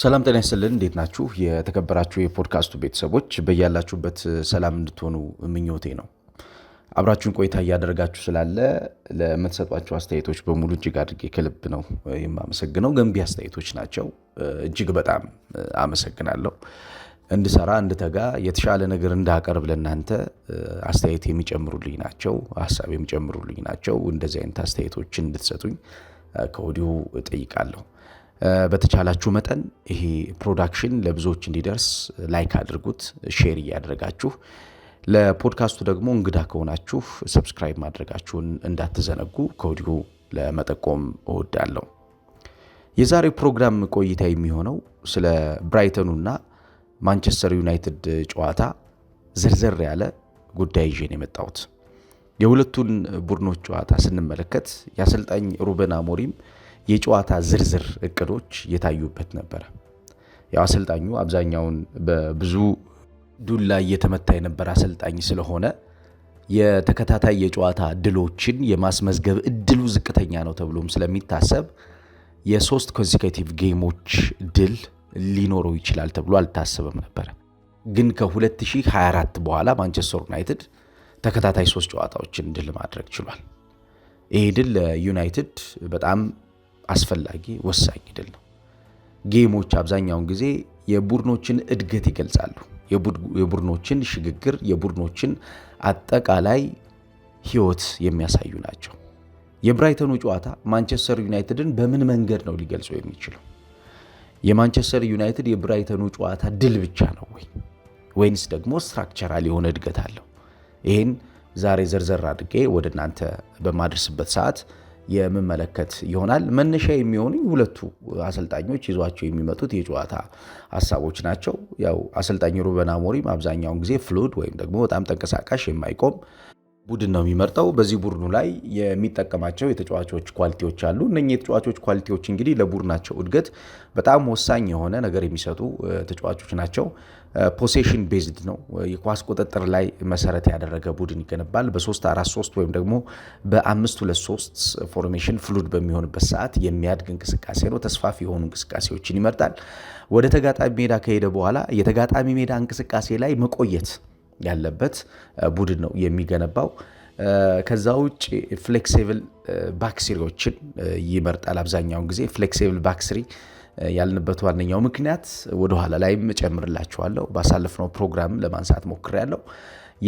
ሰላም ጤና ይስጥልን። እንዴት ናችሁ? የተከበራችሁ የፖድካስቱ ቤተሰቦች በያላችሁበት ሰላም እንድትሆኑ ምኞቴ ነው። አብራችሁን ቆይታ እያደረጋችሁ ስላለ ለምትሰጧቸው አስተያየቶች በሙሉ እጅግ አድርጌ ከልብ ነው የማመሰግነው። ገንቢ አስተያየቶች ናቸው። እጅግ በጣም አመሰግናለሁ። እንድሰራ፣ እንድተጋ፣ የተሻለ ነገር እንዳቀርብ ለእናንተ አስተያየት የሚጨምሩልኝ ናቸው፣ ሀሳብ የሚጨምሩልኝ ናቸው። እንደዚህ አይነት አስተያየቶችን እንድትሰጡኝ ከወዲሁ እጠይቃለሁ። በተቻላችሁ መጠን ይሄ ፕሮዳክሽን ለብዙዎች እንዲደርስ ላይክ አድርጉት፣ ሼር እያደረጋችሁ ለፖድካስቱ ደግሞ እንግዳ ከሆናችሁ ሰብስክራይብ ማድረጋችሁን እንዳትዘነጉ ከወዲሁ ለመጠቆም እወዳለሁ። የዛሬው ፕሮግራም ቆይታ የሚሆነው ስለ ብራይተኑና ማንቸስተር ዩናይትድ ጨዋታ ዝርዝር ያለ ጉዳይ ነው የመጣሁት የሁለቱን ቡድኖች ጨዋታ ስንመለከት የአሰልጣኝ ሩበን አሞሪም የጨዋታ ዝርዝር እቅዶች የታዩበት ነበረ። ያው አሰልጣኙ አብዛኛውን በብዙ ዱላ እየተመታ የነበረ አሰልጣኝ ስለሆነ የተከታታይ የጨዋታ ድሎችን የማስመዝገብ እድሉ ዝቅተኛ ነው ተብሎም ስለሚታሰብ የሶስት ኮንሲኬቲቭ ጌሞች ድል ሊኖረው ይችላል ተብሎ አልታሰበም ነበረ። ግን ከ2024 በኋላ ማንቸስተር ዩናይትድ ተከታታይ ሶስት ጨዋታዎችን ድል ማድረግ ችሏል። ይህ ድል ለዩናይትድ በጣም አስፈላጊ ወሳኝ ድል ነው። ጌሞች አብዛኛውን ጊዜ የቡድኖችን እድገት ይገልጻሉ። የቡድኖችን ሽግግር፣ የቡድኖችን አጠቃላይ ህይወት የሚያሳዩ ናቸው። የብራይተኑ ጨዋታ ማንቸስተር ዩናይትድን በምን መንገድ ነው ሊገልጸው የሚችለው? የማንቸስተር ዩናይትድ የብራይተኑ ጨዋታ ድል ብቻ ነው ወይ ወይንስ ደግሞ ስትራክቸራል የሆነ እድገት አለው? ይህን ዛሬ ዘርዘር አድርጌ ወደ እናንተ በማድረስበት ሰዓት የምመለከት ይሆናል። መነሻ የሚሆኑ ሁለቱ አሰልጣኞች ይዟቸው የሚመጡት የጨዋታ ሀሳቦች ናቸው። ያው አሰልጣኝ ሩበን አሞሪም አብዛኛውን ጊዜ ፍሉድ ወይም ደግሞ በጣም ተንቀሳቃሽ የማይቆም ቡድን ነው የሚመርጠው። በዚህ ቡድኑ ላይ የሚጠቀማቸው የተጫዋቾች ኳሊቲዎች አሉ። እነኚህ የተጫዋቾች ኳሊቲዎች እንግዲህ ለቡድናቸው እድገት በጣም ወሳኝ የሆነ ነገር የሚሰጡ ተጫዋቾች ናቸው። ፖሴሽን ቤዝድ ነው። የኳስ ቁጥጥር ላይ መሰረት ያደረገ ቡድን ይገነባል። በ343 3 ወይም ደግሞ በ 523 ፎርሜሽን ፍሉድ በሚሆንበት ሰዓት የሚያድግ እንቅስቃሴ ነው። ተስፋፊ የሆኑ እንቅስቃሴዎችን ይመርጣል። ወደ ተጋጣሚ ሜዳ ከሄደ በኋላ የተጋጣሚ ሜዳ እንቅስቃሴ ላይ መቆየት ያለበት ቡድን ነው የሚገነባው። ከዛ ውጭ ፍሌክሲብል ባክስሪዎችን ይመርጣል። አብዛኛውን ጊዜ ፍሌክሲብል ባክስሪ ያልንበት ዋነኛው ምክንያት ወደኋላ ላይም እጨምርላችኋለሁ ባሳለፍነው ፕሮግራም ለማንሳት ሞክሬያለሁ።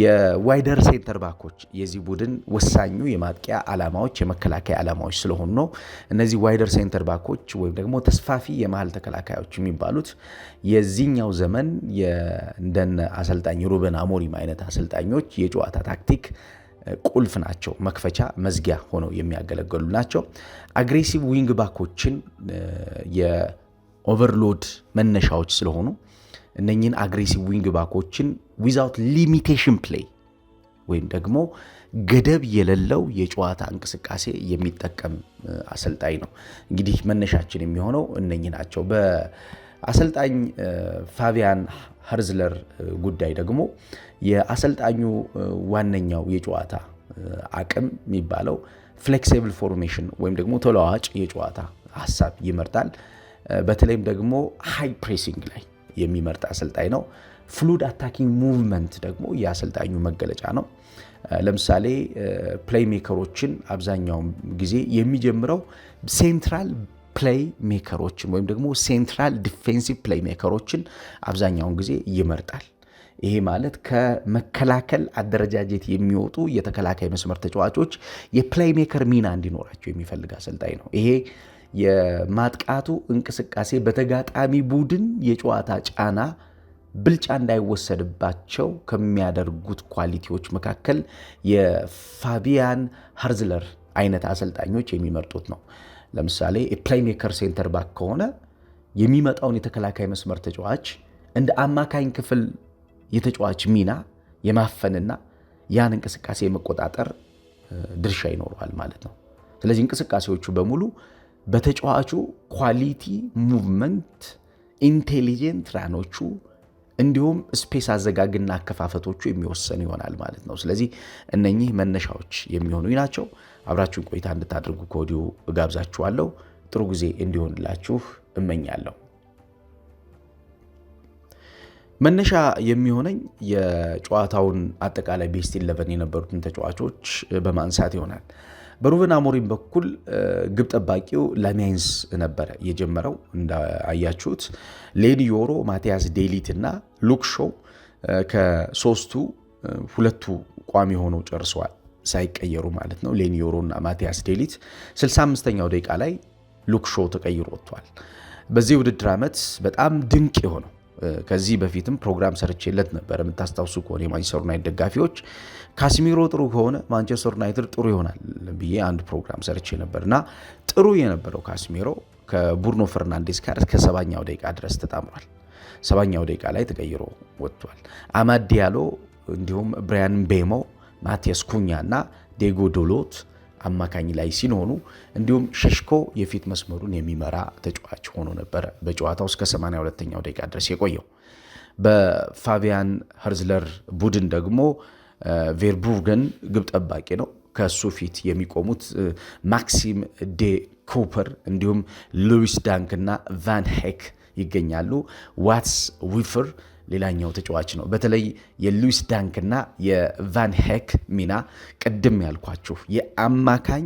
የዋይደር ሴንተር ባኮች የዚህ ቡድን ወሳኙ የማጥቂያ ዓላማዎች የመከላከያ ዓላማዎች ስለሆኑ ነው። እነዚህ ዋይደር ሴንተር ባኮች ወይም ደግሞ ተስፋፊ የመሀል ተከላካዮች የሚባሉት የዚህኛው ዘመን እንደነ አሰልጣኝ ሩበን አሞሪም አይነት አሰልጣኞች የጨዋታ ታክቲክ ቁልፍ ናቸው። መክፈቻ መዝጊያ ሆነው የሚያገለግሉ ናቸው። አግሬሲቭ ዊንግ ባኮችን ኦቨርሎድ መነሻዎች ስለሆኑ እነኝን አግሬሲቭ ዊንግ ባኮችን ዊዛውት ሊሚቴሽን ፕሌይ ወይም ደግሞ ገደብ የሌለው የጨዋታ እንቅስቃሴ የሚጠቀም አሰልጣኝ ነው። እንግዲህ መነሻችን የሚሆነው እነኚህ ናቸው። በአሰልጣኝ ፋቢያን ሀርዝለር ጉዳይ ደግሞ የአሰልጣኙ ዋነኛው የጨዋታ አቅም የሚባለው ፍሌክሲብል ፎርሜሽን ወይም ደግሞ ተለዋጭ የጨዋታ ሀሳብ ይመርጣል። በተለይም ደግሞ ሃይ ፕሬሲንግ ላይ የሚመርጥ አሰልጣኝ ነው። ፍሉድ አታኪንግ ሙቭመንት ደግሞ የአሰልጣኙ መገለጫ ነው። ለምሳሌ ፕሌይ ሜከሮችን አብዛኛውን ጊዜ የሚጀምረው ሴንትራል ፕሌይ ሜከሮችን ወይም ደግሞ ሴንትራል ዲፌንሲቭ ፕሌይ ሜከሮችን አብዛኛውን ጊዜ ይመርጣል። ይሄ ማለት ከመከላከል አደረጃጀት የሚወጡ የተከላካይ መስመር ተጫዋቾች ሜከር ሚና እንዲኖራቸው የሚፈልግ አሰልጣኝ ነው። ይሄ የማጥቃቱ እንቅስቃሴ በተጋጣሚ ቡድን የጨዋታ ጫና ብልጫ እንዳይወሰድባቸው ከሚያደርጉት ኳሊቲዎች መካከል የፋቢያን ሀርዝለር አይነት አሰልጣኞች የሚመርጡት ነው። ለምሳሌ የፕላይሜከር ሴንተር ባክ ከሆነ የሚመጣውን የተከላካይ መስመር ተጫዋች እንደ አማካኝ ክፍል የተጫዋች ሚና የማፈንና ያን እንቅስቃሴ የመቆጣጠር ድርሻ ይኖረዋል ማለት ነው። ስለዚህ እንቅስቃሴዎቹ በሙሉ በተጫዋቹ ኳሊቲ ሙቭመንት፣ ኢንቴሊጀንት ራኖቹ እንዲሁም ስፔስ አዘጋግና አከፋፈቶቹ የሚወሰኑ ይሆናል ማለት ነው። ስለዚህ እነኚህ መነሻዎች የሚሆኑ ናቸው። አብራችሁን ቆይታ እንድታደርጉ ከወዲሁ እጋብዛችኋለሁ። ጥሩ ጊዜ እንዲሆንላችሁ እመኛለሁ። መነሻ የሚሆነኝ የጨዋታውን አጠቃላይ ቤስት ኢለቨን የነበሩትን ተጫዋቾች በማንሳት ይሆናል። በሩቨን አሞሪም በኩል ግብ ጠባቂው ለሜንስ ነበረ የጀመረው። እንዳያችሁት ሌኒ ዮሮ፣ ማቲያስ ዴሊት እና ሉክ ሾው ከሶስቱ ሁለቱ ቋሚ ሆነው ጨርሰዋል፣ ሳይቀየሩ ማለት ነው። ሌኒ ዮሮ እና ማቲያስ ዴሊት 65ኛው ደቂቃ ላይ ሉክ ሾው ተቀይሮ ወጥቷል። በዚህ ውድድር ዓመት በጣም ድንቅ የሆነው ከዚህ በፊትም ፕሮግራም ሰርቼለት ነበር። የምታስታውሱ ከሆነ የማንቸስተር ዩናይት ደጋፊዎች ካስሚሮ ጥሩ ከሆነ ማንቸስተር ዩናይትድ ጥሩ ይሆናል ብዬ አንድ ፕሮግራም ሰርቼ ነበር እና ጥሩ የነበረው ካስሚሮ ከቡርኖ ፈርናንዴስ ጋር እስከ ሰባኛው ደቂቃ ድረስ ተጣምሯል። ሰባኛው ደቂቃ ላይ ተቀይሮ ወጥቷል። አማድ ዲያሎ እንዲሁም ብሪያን ቤሞ፣ ማቴስ ኩኛ እና ዴጎ ዶሎት አማካኝ ላይ ሲሆኑ እንዲሁም ሸሽኮ የፊት መስመሩን የሚመራ ተጫዋች ሆኖ ነበረ በጨዋታው እስከ 82ኛው ደቂቃ ድረስ የቆየው። በፋቢያን ሀርዝለር ቡድን ደግሞ ቬርቡርገን ግብ ጠባቂ ነው። ከሱ ፊት የሚቆሙት ማክሲም ዴ ኮፐር እንዲሁም ሉዊስ ዳንክ እና ቫን ሄክ ይገኛሉ። ዋትስ ዊፍር ሌላኛው ተጫዋች ነው። በተለይ የሉዊስ ዳንክና የቫን ሄክ ሚና ቅድም ያልኳችሁ የአማካኝ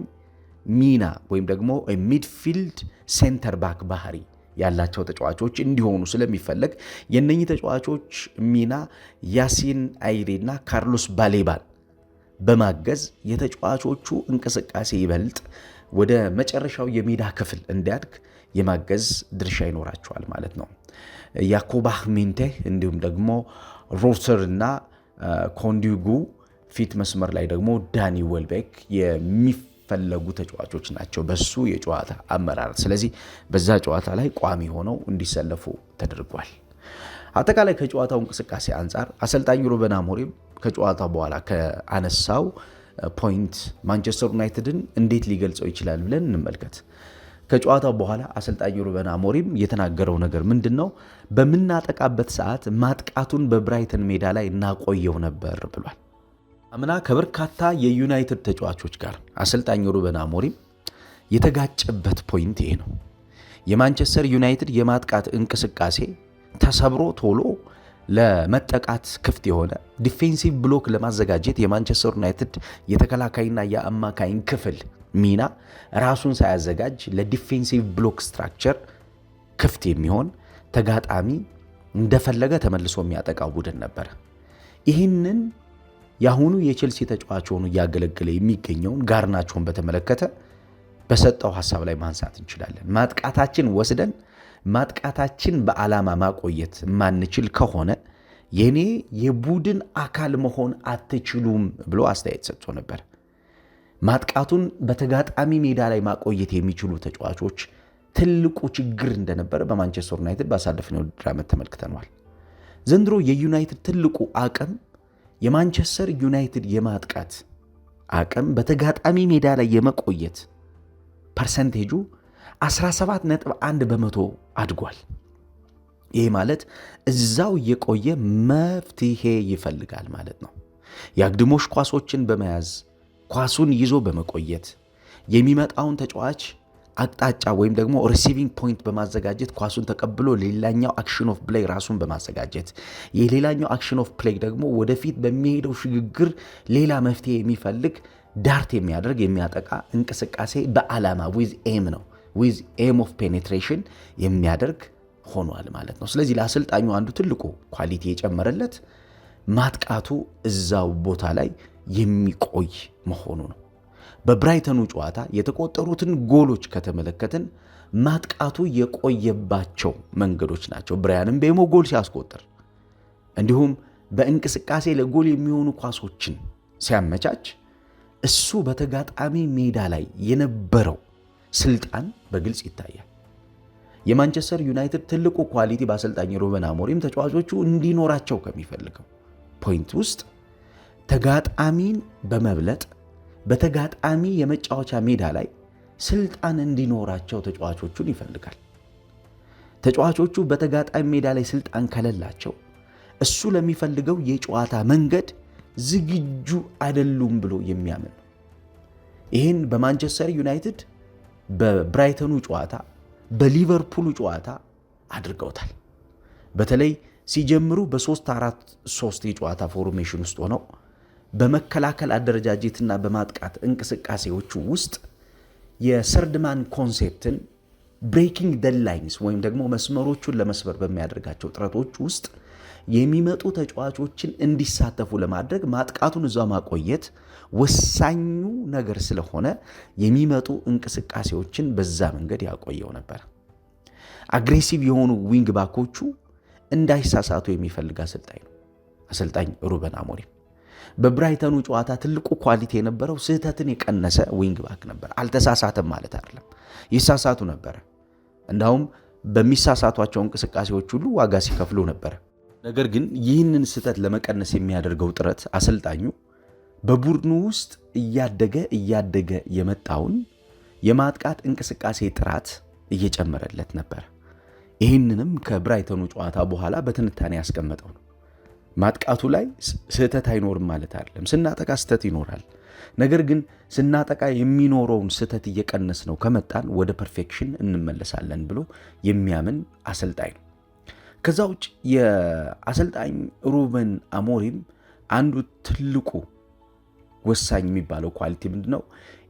ሚና ወይም ደግሞ ሚድፊልድ ሴንተር ባክ ባህሪ ያላቸው ተጫዋቾች እንዲሆኑ ስለሚፈለግ የነኚህ ተጫዋቾች ሚና ያሲን አይሬና ካርሎስ ባሌባል በማገዝ የተጫዋቾቹ እንቅስቃሴ ይበልጥ ወደ መጨረሻው የሜዳ ክፍል እንዲያድግ የማገዝ ድርሻ ይኖራቸዋል ማለት ነው። ያኮባህ ሚንቴ እንዲሁም ደግሞ ሮተር እና ኮንዲጉ ፊት መስመር ላይ ደግሞ ዳኒ ወልቤክ የሚፈለጉ ተጫዋቾች ናቸው በሱ የጨዋታ አመራር። ስለዚህ በዛ ጨዋታ ላይ ቋሚ ሆነው እንዲሰለፉ ተደርጓል። አጠቃላይ ከጨዋታው እንቅስቃሴ አንጻር አሰልጣኝ ሩበን አሞሪም ከጨዋታ በኋላ ከአነሳው ፖይንት ማንቸስተር ዩናይትድን እንዴት ሊገልጸው ይችላል ብለን እንመልከት። ከጨዋታው በኋላ አሰልጣኝ ሩበን አሞሪም የተናገረው ነገር ምንድን ነው? በምናጠቃበት ሰዓት ማጥቃቱን በብራይተን ሜዳ ላይ እናቆየው ነበር ብሏል። አምና ከበርካታ የዩናይትድ ተጫዋቾች ጋር አሰልጣኝ ሩበን አሞሪም የተጋጨበት ፖይንት ይሄ ነው። የማንቸስተር ዩናይትድ የማጥቃት እንቅስቃሴ ተሰብሮ ቶሎ ለመጠቃት ክፍት የሆነ ዲፌንሲቭ ብሎክ ለማዘጋጀት የማንቸስተር ዩናይትድ የተከላካይና የአማካይን ክፍል ሚና ራሱን ሳያዘጋጅ ለዲፌንሲቭ ብሎክ ስትራክቸር ክፍት የሚሆን ተጋጣሚ እንደፈለገ ተመልሶ የሚያጠቃው ቡድን ነበር። ይህንን የአሁኑ የቼልሲ ተጫዋች ሆኖ እያገለገለ የሚገኘውን ጋርናቸውን በተመለከተ በሰጠው ሀሳብ ላይ ማንሳት እንችላለን። ማጥቃታችን ወስደን ማጥቃታችን በዓላማ ማቆየት ማንችል ከሆነ የኔ የቡድን አካል መሆን አትችሉም ብሎ አስተያየት ሰጥቶ ነበር። ማጥቃቱን በተጋጣሚ ሜዳ ላይ ማቆየት የሚችሉ ተጫዋቾች ትልቁ ችግር እንደነበረ በማንቸስተር ዩናይትድ ባሳለፍነው ውድድር ዓመት ተመልክተነዋል። ዘንድሮ የዩናይትድ ትልቁ አቅም የማንቸስተር ዩናይትድ የማጥቃት አቅም በተጋጣሚ ሜዳ ላይ የመቆየት ፐርሰንቴጁ 17.1 በመቶ አድጓል። ይህ ማለት እዛው እየቆየ መፍትሄ ይፈልጋል ማለት ነው። የአግድሞሽ ኳሶችን በመያዝ ኳሱን ይዞ በመቆየት የሚመጣውን ተጫዋች አቅጣጫ ወይም ደግሞ ሪሲቪንግ ፖይንት በማዘጋጀት ኳሱን ተቀብሎ ሌላኛው አክሽን ኦፍ ፕሌይ ራሱን በማዘጋጀት የሌላኛው አክሽን ኦፍ ፕሌይ ደግሞ ወደፊት በሚሄደው ሽግግር ሌላ መፍትሄ የሚፈልግ ዳርት የሚያደርግ የሚያጠቃ እንቅስቃሴ በዓላማ ዊዝ ኤም ነው ዊዝ ኤም ኦፍ ፔኔትሬሽን የሚያደርግ ሆኗል ማለት ነው። ስለዚህ ለአሰልጣኙ አንዱ ትልቁ ኳሊቲ የጨመረለት ማጥቃቱ እዛው ቦታ ላይ የሚቆይ መሆኑ ነው። በብራይተኑ ጨዋታ የተቆጠሩትን ጎሎች ከተመለከትን ማጥቃቱ የቆየባቸው መንገዶች ናቸው። ብራያንም ቤሞ ጎል ሲያስቆጥር እንዲሁም በእንቅስቃሴ ለጎል የሚሆኑ ኳሶችን ሲያመቻች እሱ በተጋጣሚ ሜዳ ላይ የነበረው ስልጣን በግልጽ ይታያል። የማንቸስተር ዩናይትድ ትልቁ ኳሊቲ በአሰልጣኝ ሩበን አሞሪም ተጫዋቾቹ እንዲኖራቸው ከሚፈልገው ፖይንት ውስጥ ተጋጣሚን በመብለጥ በተጋጣሚ የመጫወቻ ሜዳ ላይ ስልጣን እንዲኖራቸው ተጫዋቾቹን ይፈልጋል። ተጫዋቾቹ በተጋጣሚ ሜዳ ላይ ስልጣን ከሌላቸው እሱ ለሚፈልገው የጨዋታ መንገድ ዝግጁ አይደሉም ብሎ የሚያምን ነው። ይህን በማንቸስተር ዩናይትድ በብራይተኑ ጨዋታ፣ በሊቨርፑሉ ጨዋታ አድርገውታል። በተለይ ሲጀምሩ በ3 4 3 የጨዋታ ፎርሜሽን ውስጥ ሆነው በመከላከል አደረጃጀትና በማጥቃት እንቅስቃሴዎቹ ውስጥ የሰርድማን ኮንሴፕትን ብሬኪንግ ደላይንስ ወይም ደግሞ መስመሮቹን ለመስበር በሚያደርጋቸው ጥረቶች ውስጥ የሚመጡ ተጫዋቾችን እንዲሳተፉ ለማድረግ ማጥቃቱን እዛ ማቆየት ወሳኙ ነገር ስለሆነ የሚመጡ እንቅስቃሴዎችን በዛ መንገድ ያቆየው ነበር። አግሬሲቭ የሆኑ ዊንግ ባኮቹ እንዳይሳሳቱ የሚፈልግ አሰልጣኝ ነው አሰልጣኝ ሩበን አሞሪም። በብራይተኑ ጨዋታ ትልቁ ኳሊቲ የነበረው ስህተትን የቀነሰ ዊንግ ባክ ነበር። አልተሳሳተም ማለት አይደለም፣ ይሳሳቱ ነበረ። እንዳውም በሚሳሳቷቸው እንቅስቃሴዎች ሁሉ ዋጋ ሲከፍሉ ነበረ። ነገር ግን ይህንን ስህተት ለመቀነስ የሚያደርገው ጥረት አሰልጣኙ በቡድኑ ውስጥ እያደገ እያደገ የመጣውን የማጥቃት እንቅስቃሴ ጥራት እየጨመረለት ነበር። ይህንንም ከብራይተኑ ጨዋታ በኋላ በትንታኔ ያስቀመጠው ነው። ማጥቃቱ ላይ ስህተት አይኖርም ማለት አይደለም። ስናጠቃ ስህተት ይኖራል። ነገር ግን ስናጠቃ የሚኖረውን ስህተት እየቀነስ ነው ከመጣን ወደ ፐርፌክሽን እንመለሳለን ብሎ የሚያምን አሰልጣኝ ነው። ከዛ ውጭ የአሰልጣኝ ሩበን አሞሪም አንዱ ትልቁ ወሳኝ የሚባለው ኳሊቲ ምንድን ነው?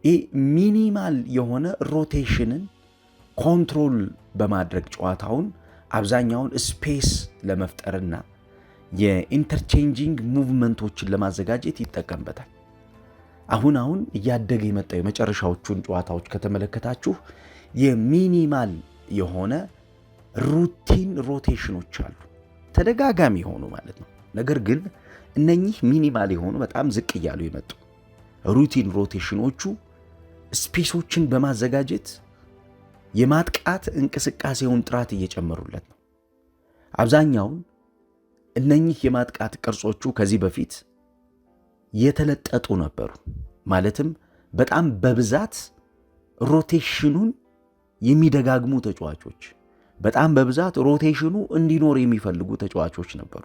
ይህ ሚኒማል የሆነ ሮቴሽንን ኮንትሮል በማድረግ ጨዋታውን አብዛኛውን ስፔስ ለመፍጠርና የኢንተርቼንጂንግ ሙቭመንቶችን ለማዘጋጀት ይጠቀምበታል። አሁን አሁን እያደገ የመጣው የመጨረሻዎቹን ጨዋታዎች ከተመለከታችሁ የሚኒማል የሆነ ሩቲን ሮቴሽኖች አሉ፣ ተደጋጋሚ የሆኑ ማለት ነው። ነገር ግን እነኚህ ሚኒማል የሆኑ በጣም ዝቅ እያሉ የመጡ ሩቲን ሮቴሽኖቹ ስፔሶችን በማዘጋጀት የማጥቃት እንቅስቃሴውን ጥራት እየጨመሩለት ነው አብዛኛውን እነኚህ የማጥቃት ቅርጾቹ ከዚህ በፊት የተለጠጡ ነበሩ። ማለትም በጣም በብዛት ሮቴሽኑን የሚደጋግሙ ተጫዋቾች፣ በጣም በብዛት ሮቴሽኑ እንዲኖር የሚፈልጉ ተጫዋቾች ነበሩ።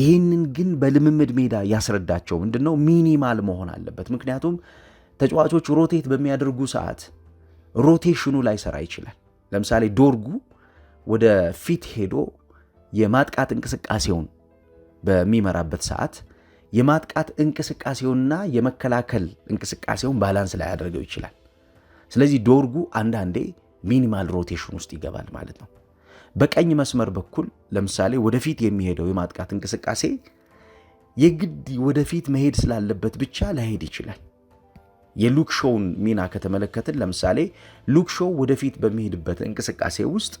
ይህንን ግን በልምምድ ሜዳ ያስረዳቸው ምንድን ነው? ሚኒማል መሆን አለበት። ምክንያቱም ተጫዋቾች ሮቴት በሚያደርጉ ሰዓት ሮቴሽኑ ላይሰራ ይችላል። ለምሳሌ ዶርጉ ወደ ፊት ሄዶ የማጥቃት እንቅስቃሴውን በሚመራበት ሰዓት የማጥቃት እንቅስቃሴውንና የመከላከል እንቅስቃሴውን ባላንስ ላይ ያደርገው ይችላል። ስለዚህ ዶርጉ አንዳንዴ ሚኒማል ሮቴሽን ውስጥ ይገባል ማለት ነው። በቀኝ መስመር በኩል ለምሳሌ ወደፊት የሚሄደው የማጥቃት እንቅስቃሴ የግድ ወደፊት መሄድ ስላለበት ብቻ ላይሄድ ይችላል። የሉክ ሾውን ሚና ከተመለከትን ለምሳሌ ሉክ ሾው ወደፊት በሚሄድበት እንቅስቃሴ ውስጥ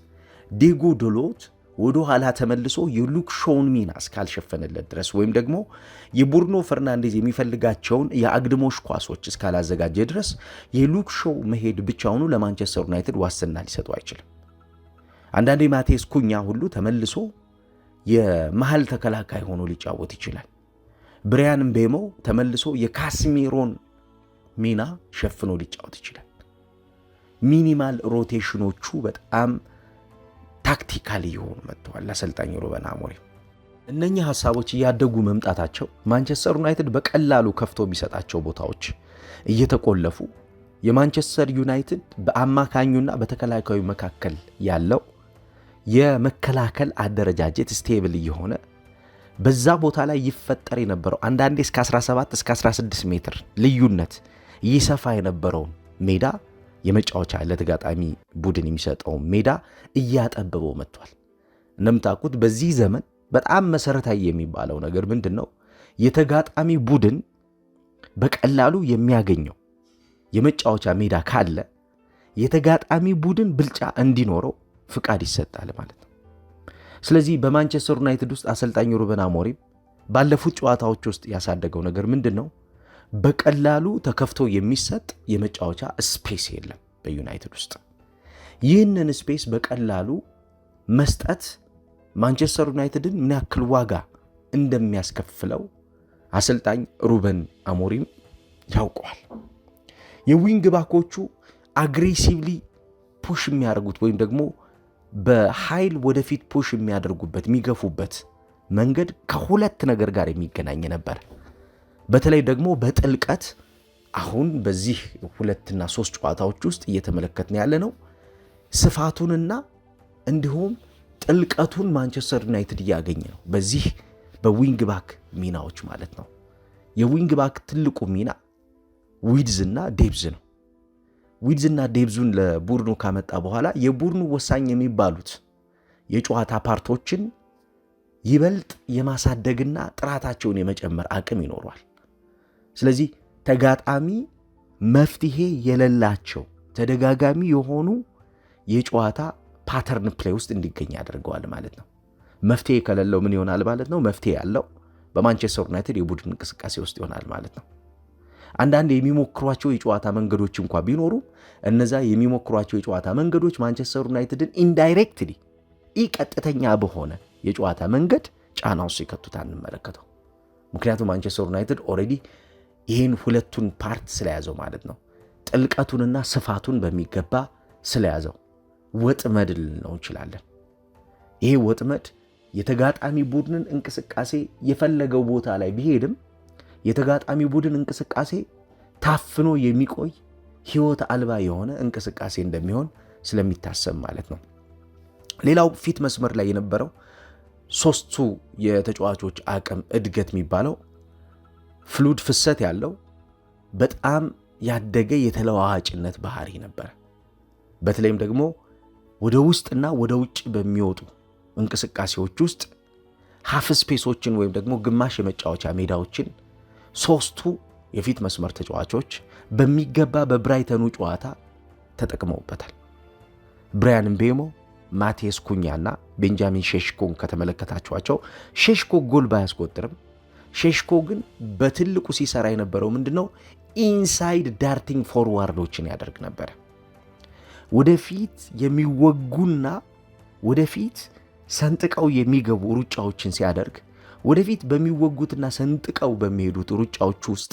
ዴጎ ዶሎት ወደ ኋላ ተመልሶ የሉክ ሾውን ሚና እስካልሸፈነለት ድረስ ወይም ደግሞ የቡርኖ ፈርናንዴዝ የሚፈልጋቸውን የአግድሞሽ ኳሶች እስካላዘጋጀ ድረስ የሉክ ሾው መሄድ ብቻውኑ ለማንቸስተር ዩናይትድ ዋስትና ሊሰጡ አይችልም። አንዳንዴ ማቴስ ኩኛ ሁሉ ተመልሶ የመሀል ተከላካይ ሆኖ ሊጫወት ይችላል። ብሪያን ቤሞ ተመልሶ የካስሜሮን ሚና ሸፍኖ ሊጫወት ይችላል። ሚኒማል ሮቴሽኖቹ በጣም ታክቲካል የሆኑ መጥተዋል። አሰልጣኝ ሩበን አሞሪም እነኚህ ሀሳቦች እያደጉ መምጣታቸው ማንቸስተር ዩናይትድ በቀላሉ ከፍቶ የሚሰጣቸው ቦታዎች እየተቆለፉ የማንቸስተር ዩናይትድ በአማካኙና በተከላካዩ መካከል ያለው የመከላከል አደረጃጀት ስቴብል እየሆነ በዛ ቦታ ላይ ይፈጠር የነበረው አንዳንዴ እስከ 17 እስከ 16 ሜትር ልዩነት ይሰፋ የነበረውን ሜዳ የመጫወቻ ለተጋጣሚ ቡድን የሚሰጠውን ሜዳ እያጠበበው መጥቷል። እንደምታውቁት በዚህ ዘመን በጣም መሰረታዊ የሚባለው ነገር ምንድን ነው? የተጋጣሚ ቡድን በቀላሉ የሚያገኘው የመጫወቻ ሜዳ ካለ የተጋጣሚ ቡድን ብልጫ እንዲኖረው ፍቃድ ይሰጣል ማለት ነው። ስለዚህ በማንቸስተር ዩናይትድ ውስጥ አሰልጣኝ ሩበን አሞሪም ባለፉት ጨዋታዎች ውስጥ ያሳደገው ነገር ምንድን ነው? በቀላሉ ተከፍቶ የሚሰጥ የመጫወቻ ስፔስ የለም በዩናይትድ ውስጥ። ይህንን ስፔስ በቀላሉ መስጠት ማንቸስተር ዩናይትድን ምን ያክል ዋጋ እንደሚያስከፍለው አሰልጣኝ ሩበን አሞሪም ያውቀዋል። የዊንግ ባኮቹ አግሬሲቭሊ ፑሽ የሚያደርጉት ወይም ደግሞ በኃይል ወደፊት ፑሽ የሚያደርጉበት የሚገፉበት መንገድ ከሁለት ነገር ጋር የሚገናኝ ነበር። በተለይ ደግሞ በጥልቀት አሁን በዚህ ሁለትና ሶስት ጨዋታዎች ውስጥ እየተመለከትን ያለ ነው ስፋቱንና እንዲሁም ጥልቀቱን ማንቸስተር ዩናይትድ እያገኘ ነው። በዚህ በዊንግ ባክ ሚናዎች ማለት ነው። የዊንግ ባክ ትልቁ ሚና ዊድዝና ዴብዝ ነው። ዊድዝ ና ዴብዙን ለቡድኑ ካመጣ በኋላ የቡድኑ ወሳኝ የሚባሉት የጨዋታ ፓርቶችን ይበልጥ የማሳደግና ጥራታቸውን የመጨመር አቅም ይኖሯል። ስለዚህ ተጋጣሚ መፍትሄ የሌላቸው ተደጋጋሚ የሆኑ የጨዋታ ፓተርን ፕሌይ ውስጥ እንዲገኝ ያደርገዋል ማለት ነው። መፍትሄ ከሌለው ምን ይሆናል ማለት ነው? መፍትሄ ያለው በማንቸስተር ዩናይትድ የቡድን እንቅስቃሴ ውስጥ ይሆናል ማለት ነው። አንዳንድ የሚሞክሯቸው የጨዋታ መንገዶች እንኳ ቢኖሩ እነዛ የሚሞክሯቸው የጨዋታ መንገዶች ማንቸስተር ዩናይትድን ኢንዳይሬክትሊ ኢ ቀጥተኛ በሆነ የጨዋታ መንገድ ጫና ውስጥ ይከቱታ እንመለከተው። ምክንያቱም ማንቸስተር ዩናይትድ ኦልሬዲ ይህን ሁለቱን ፓርት ስለያዘው ማለት ነው። ጥልቀቱንና ስፋቱን በሚገባ ስለያዘው ወጥመድ ልንለው እንችላለን። ይሄ ወጥመድ የተጋጣሚ ቡድንን እንቅስቃሴ የፈለገው ቦታ ላይ ቢሄድም የተጋጣሚ ቡድን እንቅስቃሴ ታፍኖ የሚቆይ ሕይወት አልባ የሆነ እንቅስቃሴ እንደሚሆን ስለሚታሰብ ማለት ነው። ሌላው ፊት መስመር ላይ የነበረው ሶስቱ የተጫዋቾች አቅም እድገት የሚባለው ፍሉድ ፍሰት ያለው በጣም ያደገ የተለዋዋጭነት ባህሪ ነበረ። በተለይም ደግሞ ወደ ውስጥና ወደ ውጭ በሚወጡ እንቅስቃሴዎች ውስጥ ሀፍ ስፔሶችን ወይም ደግሞ ግማሽ የመጫወቻ ሜዳዎችን ሶስቱ የፊት መስመር ተጫዋቾች በሚገባ በብራይተኑ ጨዋታ ተጠቅመውበታል። ብራያን ምቤሞ፣ ማቴስ ኩኛና ቤንጃሚን ሼሽኮን ከተመለከታችኋቸው ሼሽኮ ጎል ባያስቆጥርም ሸሽኮ ግን በትልቁ ሲሰራ የነበረው ምንድን ነው? ኢንሳይድ ዳርቲንግ ፎርዋርዶችን ያደርግ ነበረ። ወደፊት የሚወጉና ወደፊት ሰንጥቀው የሚገቡ ሩጫዎችን ሲያደርግ ወደፊት በሚወጉትና ሰንጥቀው በሚሄዱት ሩጫዎች ውስጥ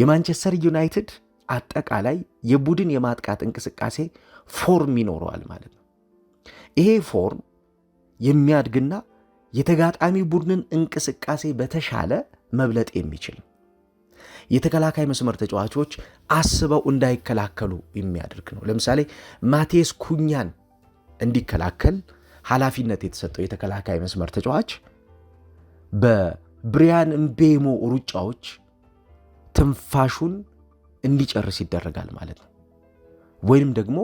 የማንቸስተር ዩናይትድ አጠቃላይ የቡድን የማጥቃት እንቅስቃሴ ፎርም ይኖረዋል ማለት ነው። ይሄ ፎርም የሚያድግና የተጋጣሚ ቡድንን እንቅስቃሴ በተሻለ መብለጥ የሚችል የተከላካይ መስመር ተጫዋቾች አስበው እንዳይከላከሉ የሚያደርግ ነው። ለምሳሌ ማቴስ ኩኛን እንዲከላከል ኃላፊነት የተሰጠው የተከላካይ መስመር ተጫዋች በብሪያን እምቤሞ ሩጫዎች ትንፋሹን እንዲጨርስ ይደረጋል ማለት ነው። ወይንም ደግሞ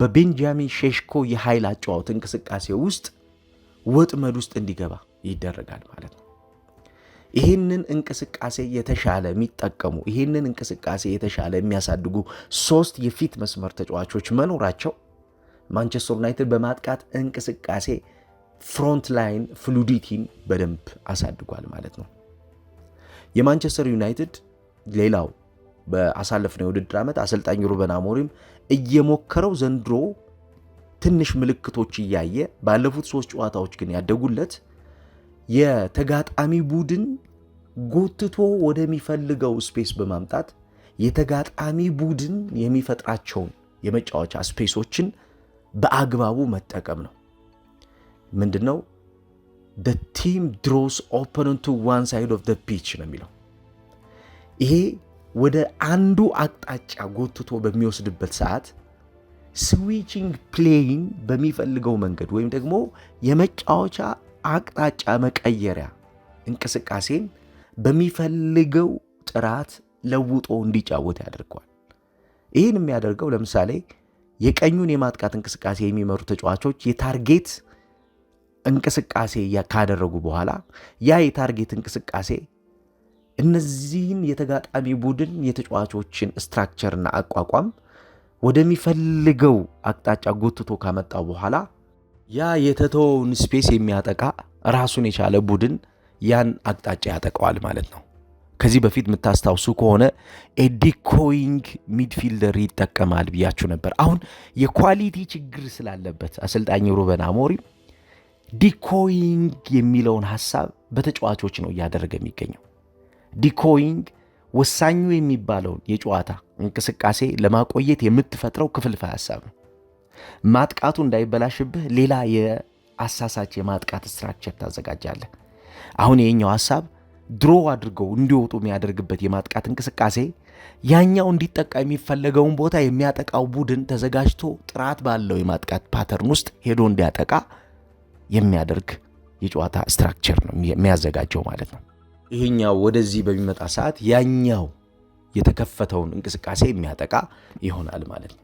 በቤንጃሚን ሼሽኮ የኃይል አጨዋወት እንቅስቃሴ ውስጥ ወጥመድ ውስጥ እንዲገባ ይደረጋል ማለት ነው። ይህንን እንቅስቃሴ የተሻለ የሚጠቀሙ ይህንን እንቅስቃሴ የተሻለ የሚያሳድጉ ሶስት የፊት መስመር ተጫዋቾች መኖራቸው ማንቸስተር ዩናይትድ በማጥቃት እንቅስቃሴ ፍሮንት ላይን ፍሉዲቲን በደንብ አሳድጓል ማለት ነው። የማንቸስተር ዩናይትድ ሌላው በአሳለፍነው የውድድር ዓመት አሰልጣኝ ሩበን አሞሪም እየሞከረው ዘንድሮ ትንሽ ምልክቶች እያየ ባለፉት ሶስት ጨዋታዎች ግን ያደጉለት የተጋጣሚ ቡድን ጎትቶ ወደሚፈልገው ስፔስ በማምጣት የተጋጣሚ ቡድን የሚፈጥራቸውን የመጫወቻ ስፔሶችን በአግባቡ መጠቀም ነው። ምንድን ነው ደ ቲም ድሮስ ኦፖነንት ቱ ዋን ሳይድ ኦፍ ደ ፒች ነው የሚለው። ይሄ ወደ አንዱ አቅጣጫ ጎትቶ በሚወስድበት ሰዓት ስዊቺንግ ፕሌይን በሚፈልገው መንገድ ወይም ደግሞ የመጫወቻ አቅጣጫ መቀየሪያ እንቅስቃሴን በሚፈልገው ጥራት ለውጦ እንዲጫወት ያደርገዋል። ይህን የሚያደርገው ለምሳሌ የቀኙን የማጥቃት እንቅስቃሴ የሚመሩ ተጫዋቾች የታርጌት እንቅስቃሴ ካደረጉ በኋላ ያ የታርጌት እንቅስቃሴ እነዚህን የተጋጣሚ ቡድን የተጫዋቾችን ስትራክቸርና አቋቋም ወደሚፈልገው አቅጣጫ ጎትቶ ካመጣው በኋላ ያ የተተወውን ስፔስ የሚያጠቃ ራሱን የቻለ ቡድን ያን አቅጣጫ ያጠቀዋል ማለት ነው። ከዚህ በፊት የምታስታውሱ ከሆነ ኤዲኮይንግ ሚድፊልደር ይጠቀማል ብያችሁ ነበር። አሁን የኳሊቲ ችግር ስላለበት አሰልጣኝ ሩበን አሞሪም ዲኮይንግ የሚለውን ሀሳብ በተጫዋቾች ነው እያደረገ የሚገኘው ዲኮይንግ ወሳኙ የሚባለውን የጨዋታ እንቅስቃሴ ለማቆየት የምትፈጥረው ክፍልፋይ ሀሳብ ነው። ማጥቃቱ እንዳይበላሽብህ ሌላ የአሳሳች የማጥቃት ስትራክቸር ታዘጋጃለህ። አሁን የኛው ሀሳብ ድሮ አድርገው እንዲወጡ የሚያደርግበት የማጥቃት እንቅስቃሴ ያኛው እንዲጠቃ የሚፈለገውን ቦታ የሚያጠቃው ቡድን ተዘጋጅቶ ጥራት ባለው የማጥቃት ፓተርን ውስጥ ሄዶ እንዲያጠቃ የሚያደርግ የጨዋታ ስትራክቸር ነው የሚያዘጋጀው ማለት ነው። ይሄኛው ወደዚህ በሚመጣ ሰዓት ያኛው የተከፈተውን እንቅስቃሴ የሚያጠቃ ይሆናል ማለት ነው።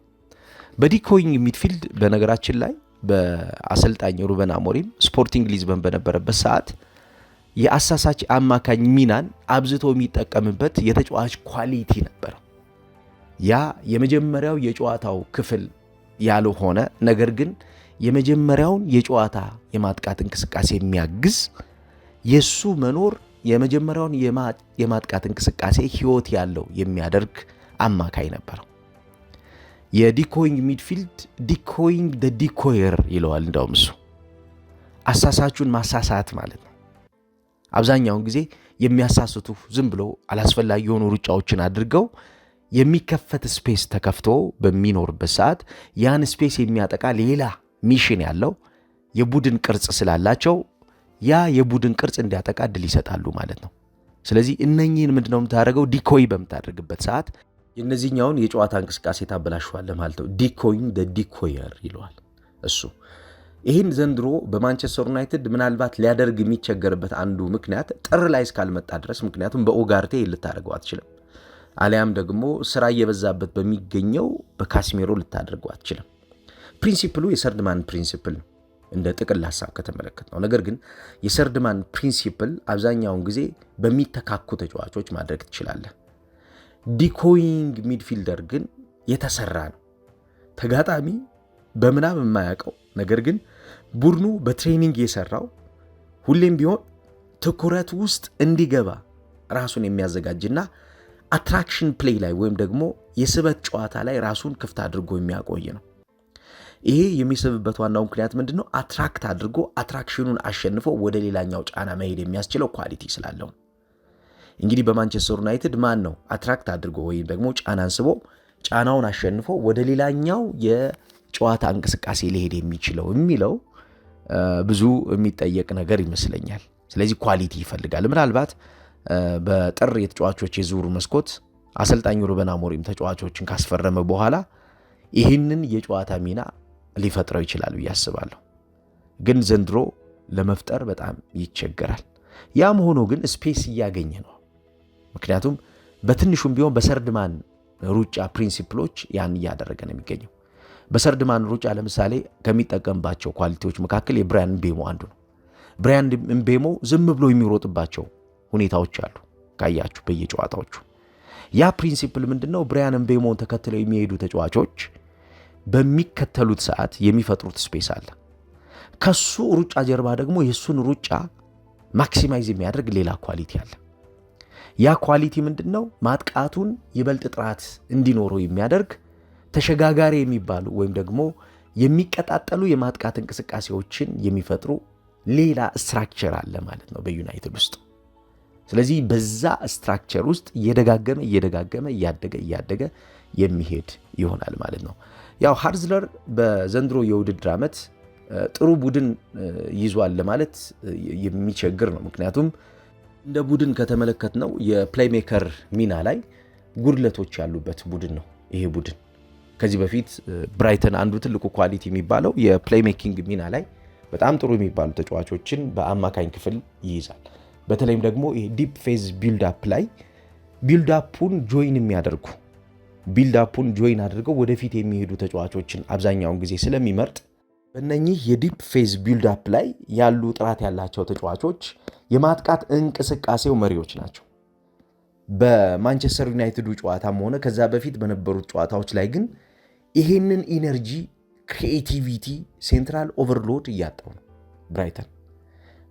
በዲኮይንግ ሚድፊልድ በነገራችን ላይ በአሰልጣኝ ሩበን አሞሪም ስፖርቲንግ ሊዝበን በነበረበት ሰዓት የአሳሳች አማካኝ ሚናን አብዝቶ የሚጠቀምበት የተጫዋች ኳሊቲ ነበረ። ያ የመጀመሪያው የጨዋታው ክፍል ያልሆነ ነገር ግን የመጀመሪያውን የጨዋታ የማጥቃት እንቅስቃሴ የሚያግዝ የሱ መኖር የመጀመሪያውን የማጥቃት እንቅስቃሴ ህይወት ያለው የሚያደርግ አማካይ ነበር። የዲኮይንግ ሚድፊልድ ዲኮይንግ ደ ዲኮየር ይለዋል። እንደውም እሱ አሳሳቹን ማሳሳት ማለት ነው። አብዛኛውን ጊዜ የሚያሳስቱ ዝም ብሎ አላስፈላጊ የሆኑ ሩጫዎችን አድርገው የሚከፈት ስፔስ ተከፍቶ በሚኖርበት ሰዓት ያን ስፔስ የሚያጠቃ ሌላ ሚሽን ያለው የቡድን ቅርጽ ስላላቸው ያ የቡድን ቅርጽ እንዲያጠቃ እድል ይሰጣሉ ማለት ነው። ስለዚህ እነኚህን ምንድነው የምታደርገው? ዲኮይ በምታደርግበት ሰዓት የእነዚህኛውን የጨዋታ እንቅስቃሴ ታበላሸዋለ ማለት ነው። ዲኮይን ዲኮየር ይለዋል እሱ። ይህን ዘንድሮ በማንቸስተር ዩናይትድ ምናልባት ሊያደርግ የሚቸገርበት አንዱ ምክንያት ጥር ላይ እስካልመጣ ድረስ ምክንያቱም በኦጋርቴ ልታደርገው አትችልም፣ አሊያም ደግሞ ስራ እየበዛበት በሚገኘው በካስሜሮ ልታደርገው አትችልም። ፕሪንሲፕሉ የሰርድማን ፕሪንሲፕል ነው። እንደ ጥቅል ሀሳብ ከተመለከት ነው። ነገር ግን የሰርድማን ፕሪንሲፕል አብዛኛውን ጊዜ በሚተካኩ ተጫዋቾች ማድረግ ትችላለህ። ዲኮይንግ ሚድፊልደር ግን የተሰራ ነው። ተጋጣሚ በምናብ የማያውቀው ነገር ግን ቡድኑ በትሬኒንግ የሰራው ሁሌም ቢሆን ትኩረት ውስጥ እንዲገባ ራሱን የሚያዘጋጅና አትራክሽን ፕሌይ ላይ ወይም ደግሞ የስበት ጨዋታ ላይ ራሱን ክፍት አድርጎ የሚያቆይ ነው። ይሄ የሚስብበት ዋናው ምክንያት ምንድን ነው? አትራክት አድርጎ አትራክሽኑን አሸንፎ ወደ ሌላኛው ጫና መሄድ የሚያስችለው ኳሊቲ ስላለው። እንግዲህ በማንቸስተር ዩናይትድ ማን ነው አትራክት አድርጎ ወይም ደግሞ ጫና አንስቦ ጫናውን አሸንፎ ወደ ሌላኛው የጨዋታ እንቅስቃሴ ሊሄድ የሚችለው የሚለው ብዙ የሚጠየቅ ነገር ይመስለኛል። ስለዚህ ኳሊቲ ይፈልጋል። ምናልባት በጥር የተጫዋቾች የዝውውር መስኮት አሰልጣኙ ሩበን አሞሪም ተጫዋቾችን ካስፈረመ በኋላ ይህንን የጨዋታ ሚና ሊፈጥረው ይችላል ብዬ አስባለሁ። ግን ዘንድሮ ለመፍጠር በጣም ይቸገራል። ያም ሆኖ ግን ስፔስ እያገኘ ነው። ምክንያቱም በትንሹም ቢሆን በሰርድማን ሩጫ ፕሪንሲፕሎች ያን እያደረገ ነው የሚገኘው። በሰርድማን ሩጫ ለምሳሌ ከሚጠቀምባቸው ኳሊቲዎች መካከል የብራያን ምቤሞ አንዱ ነው። ብራያን ምቤሞ ዝም ብሎ የሚሮጥባቸው ሁኔታዎች አሉ፣ ካያችሁ በየጨዋታዎቹ። ያ ፕሪንሲፕል ምንድነው ብራያን ምቤሞን ተከትለው የሚሄዱ ተጫዋቾች በሚከተሉት ሰዓት የሚፈጥሩት ስፔስ አለ። ከሱ ሩጫ ጀርባ ደግሞ የእሱን ሩጫ ማክሲማይዝ የሚያደርግ ሌላ ኳሊቲ አለ። ያ ኳሊቲ ምንድን ነው? ማጥቃቱን ይበልጥ ጥራት እንዲኖረው የሚያደርግ ተሸጋጋሪ የሚባሉ ወይም ደግሞ የሚቀጣጠሉ የማጥቃት እንቅስቃሴዎችን የሚፈጥሩ ሌላ ስትራክቸር አለ ማለት ነው በዩናይትድ ውስጥ። ስለዚህ በዛ ስትራክቸር ውስጥ እየደጋገመ እየደጋገመ እያደገ እያደገ የሚሄድ ይሆናል ማለት ነው። ያው ሃርዝለር በዘንድሮ የውድድር ዓመት ጥሩ ቡድን ይዟል ለማለት የሚቸግር ነው። ምክንያቱም እንደ ቡድን ከተመለከትነው የፕሌይሜከር ሚና ላይ ጉድለቶች ያሉበት ቡድን ነው ይሄ ቡድን። ከዚህ በፊት ብራይተን አንዱ ትልቁ ኳሊቲ የሚባለው የፕሌይሜኪንግ ሚና ላይ በጣም ጥሩ የሚባሉ ተጫዋቾችን በአማካኝ ክፍል ይይዛል። በተለይም ደግሞ ዲፕ ፌዝ ቢልድ አፕ ላይ ቢልድ አፑን ጆይን የሚያደርጉ ቢልዳፑን ጆይን አድርገው ወደፊት የሚሄዱ ተጫዋቾችን አብዛኛውን ጊዜ ስለሚመርጥ በእነኚህ የዲፕ ፌዝ ቢልዳፕ ላይ ያሉ ጥራት ያላቸው ተጫዋቾች የማጥቃት እንቅስቃሴው መሪዎች ናቸው። በማንቸስተር ዩናይትዱ ጨዋታም ሆነ ከዛ በፊት በነበሩት ጨዋታዎች ላይ ግን ይሄንን ኢነርጂ፣ ክሪኤቲቪቲ፣ ሴንትራል ኦቨርሎድ እያጣው ነው ብራይተን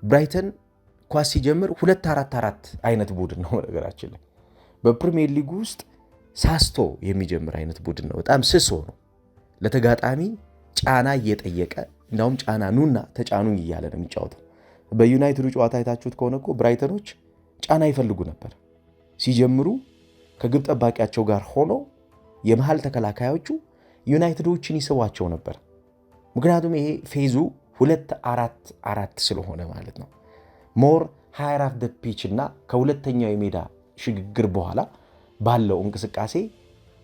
ብራይተን ኳስ ሲጀምር ሁለት አራት አራት አይነት ቡድን ነው ነገራችን ላይ በፕሪሚየር ሊግ ውስጥ ሳስቶ የሚጀምር አይነት ቡድን ነው። በጣም ስስ ሆኖ ለተጋጣሚ ጫና እየጠየቀ እንዳውም ጫና ኑና ተጫኑኝ እያለ ነው የሚጫወተው። በዩናይትዱ ጨዋታ አይታችሁት ከሆነ እኮ ብራይተኖች ጫና ይፈልጉ ነበር። ሲጀምሩ ከግብ ጠባቂያቸው ጋር ሆኖ የመሃል ተከላካዮቹ ዩናይትዶችን ይስቧቸው ነበር። ምክንያቱም ይሄ ፌዙ ሁለት አራት አራት ስለሆነ ማለት ነው ሞር ሃየር አፍ እና ከሁለተኛው የሜዳ ሽግግር በኋላ ባለው እንቅስቃሴ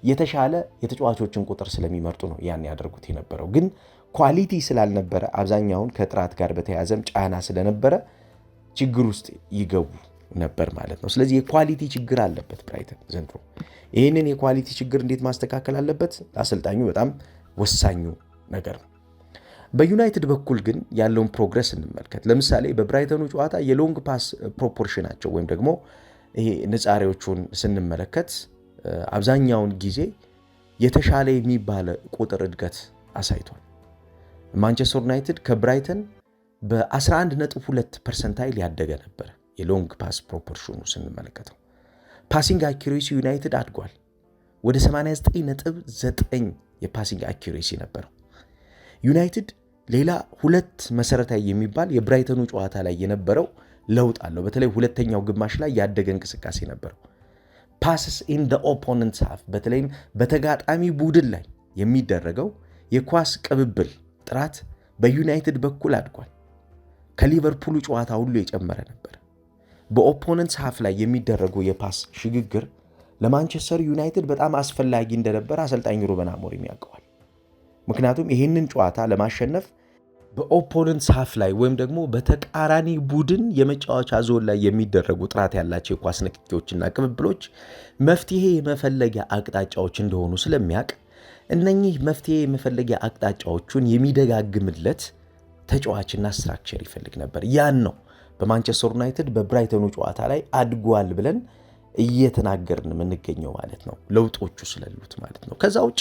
የተሻለ የተጫዋቾችን ቁጥር ስለሚመርጡ ነው ያን ያደርጉት የነበረው። ግን ኳሊቲ ስላልነበረ አብዛኛውን ከጥራት ጋር በተያያዘም ጫና ስለነበረ ችግር ውስጥ ይገቡ ነበር ማለት ነው። ስለዚህ የኳሊቲ ችግር አለበት ብራይተን ዘንድሮ። ይህንን የኳሊቲ ችግር እንዴት ማስተካከል አለበት? አሰልጣኙ በጣም ወሳኙ ነገር ነው። በዩናይትድ በኩል ግን ያለውን ፕሮግረስ እንመልከት። ለምሳሌ በብራይተኑ ጨዋታ የሎንግ ፓስ ፕሮፖርሽናቸው ወይም ደግሞ ይሄ ንጻሪዎቹን ስንመለከት አብዛኛውን ጊዜ የተሻለ የሚባል ቁጥር እድገት አሳይቷል። ማንቸስተር ዩናይትድ ከብራይተን በ11.2 ፐርሰንታይል ያደገ ነበረ። የሎንግ ፓስ ፕሮፖርሽኑ ስንመለከተው ፓሲንግ አኪሬሲ ዩናይትድ አድጓል። ወደ 89.9 የፓሲንግ አኪሬሲ ነበረው። ዩናይትድ ሌላ ሁለት መሰረታዊ የሚባል የብራይተኑ ጨዋታ ላይ የነበረው ለውጥ አለው። በተለይ ሁለተኛው ግማሽ ላይ ያደገ እንቅስቃሴ ነበረው። ፓስስ ኢን ኦፖነንት ሀፍ በተለይም በተጋጣሚ ቡድን ላይ የሚደረገው የኳስ ቅብብል ጥራት በዩናይትድ በኩል አድጓል። ከሊቨርፑሉ ጨዋታ ሁሉ የጨመረ ነበር። በኦፖነንት ሀፍ ላይ የሚደረጉ የፓስ ሽግግር ለማንቸስተር ዩናይትድ በጣም አስፈላጊ እንደነበረ አሰልጣኝ ሩበን አሞሪም ያውቀዋል። ምክንያቱም ይህንን ጨዋታ ለማሸነፍ በኦፖነንት ሳፍ ላይ ወይም ደግሞ በተቃራኒ ቡድን የመጫወቻ ዞን ላይ የሚደረጉ ጥራት ያላቸው የኳስ ንክኪዎችና ቅብብሎች መፍትሄ የመፈለጊያ አቅጣጫዎች እንደሆኑ ስለሚያውቅ እነኚህ መፍትሄ የመፈለጊያ አቅጣጫዎቹን የሚደጋግምለት ተጫዋችና ስትራክቸር ይፈልግ ነበር። ያን ነው በማንቸስተር ዩናይትድ በብራይተኑ ጨዋታ ላይ አድጓል ብለን እየተናገርን የምንገኘው ማለት ነው። ለውጦቹ ስለሉት ማለት ነው። ከዛ ውጭ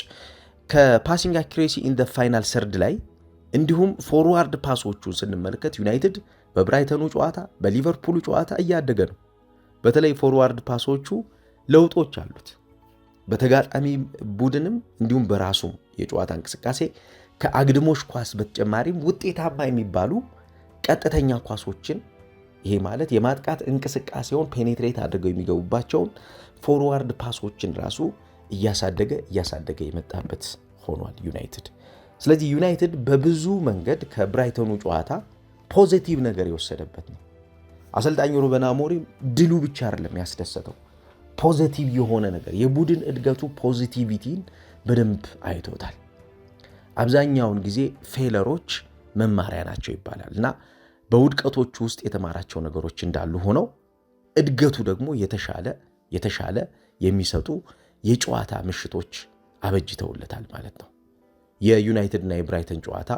ከፓሲንግ አኪሬሲ ኢን ፋይናል ሰርድ ላይ እንዲሁም ፎርዋርድ ፓሶቹን ስንመለከት ዩናይትድ በብራይተኑ ጨዋታ፣ በሊቨርፑሉ ጨዋታ እያደገ ነው። በተለይ ፎርዋርድ ፓሶቹ ለውጦች አሉት። በተጋጣሚ ቡድንም እንዲሁም በራሱም የጨዋታ እንቅስቃሴ ከአግድሞሽ ኳስ በተጨማሪም ውጤታማ የሚባሉ ቀጥተኛ ኳሶችን ይሄ ማለት የማጥቃት እንቅስቃሴውን ፔኔትሬት አድርገው የሚገቡባቸውን ፎርዋርድ ፓሶችን ራሱ እያሳደገ እያሳደገ የመጣበት ሆኗል ዩናይትድ። ስለዚህ ዩናይትድ በብዙ መንገድ ከብራይተኑ ጨዋታ ፖዘቲቭ ነገር የወሰደበት ነው። አሰልጣኝ ሩበን አሞሪም ድሉ ብቻ አይደለም ያስደሰተው፣ ፖዘቲቭ የሆነ ነገር የቡድን እድገቱ ፖዚቲቪቲን በደንብ አይቶታል። አብዛኛውን ጊዜ ፌለሮች መማሪያ ናቸው ይባላል እና በውድቀቶቹ ውስጥ የተማራቸው ነገሮች እንዳሉ ሆነው እድገቱ ደግሞ የተሻለ የተሻለ የሚሰጡ የጨዋታ ምሽቶች አበጅተውለታል ማለት ነው። የዩናይትድና የብራይተን ጨዋታ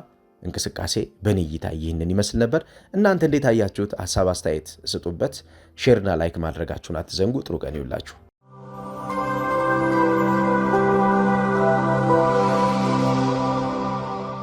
እንቅስቃሴ በኔ እይታ ይህንን ይመስል ነበር። እናንተ እንዴት አያችሁት? ሀሳብ አስተያየት ስጡበት። ሼርና ላይክ ማድረጋችሁን አትዘንጉ። ጥሩ ቀን ይውላችሁ።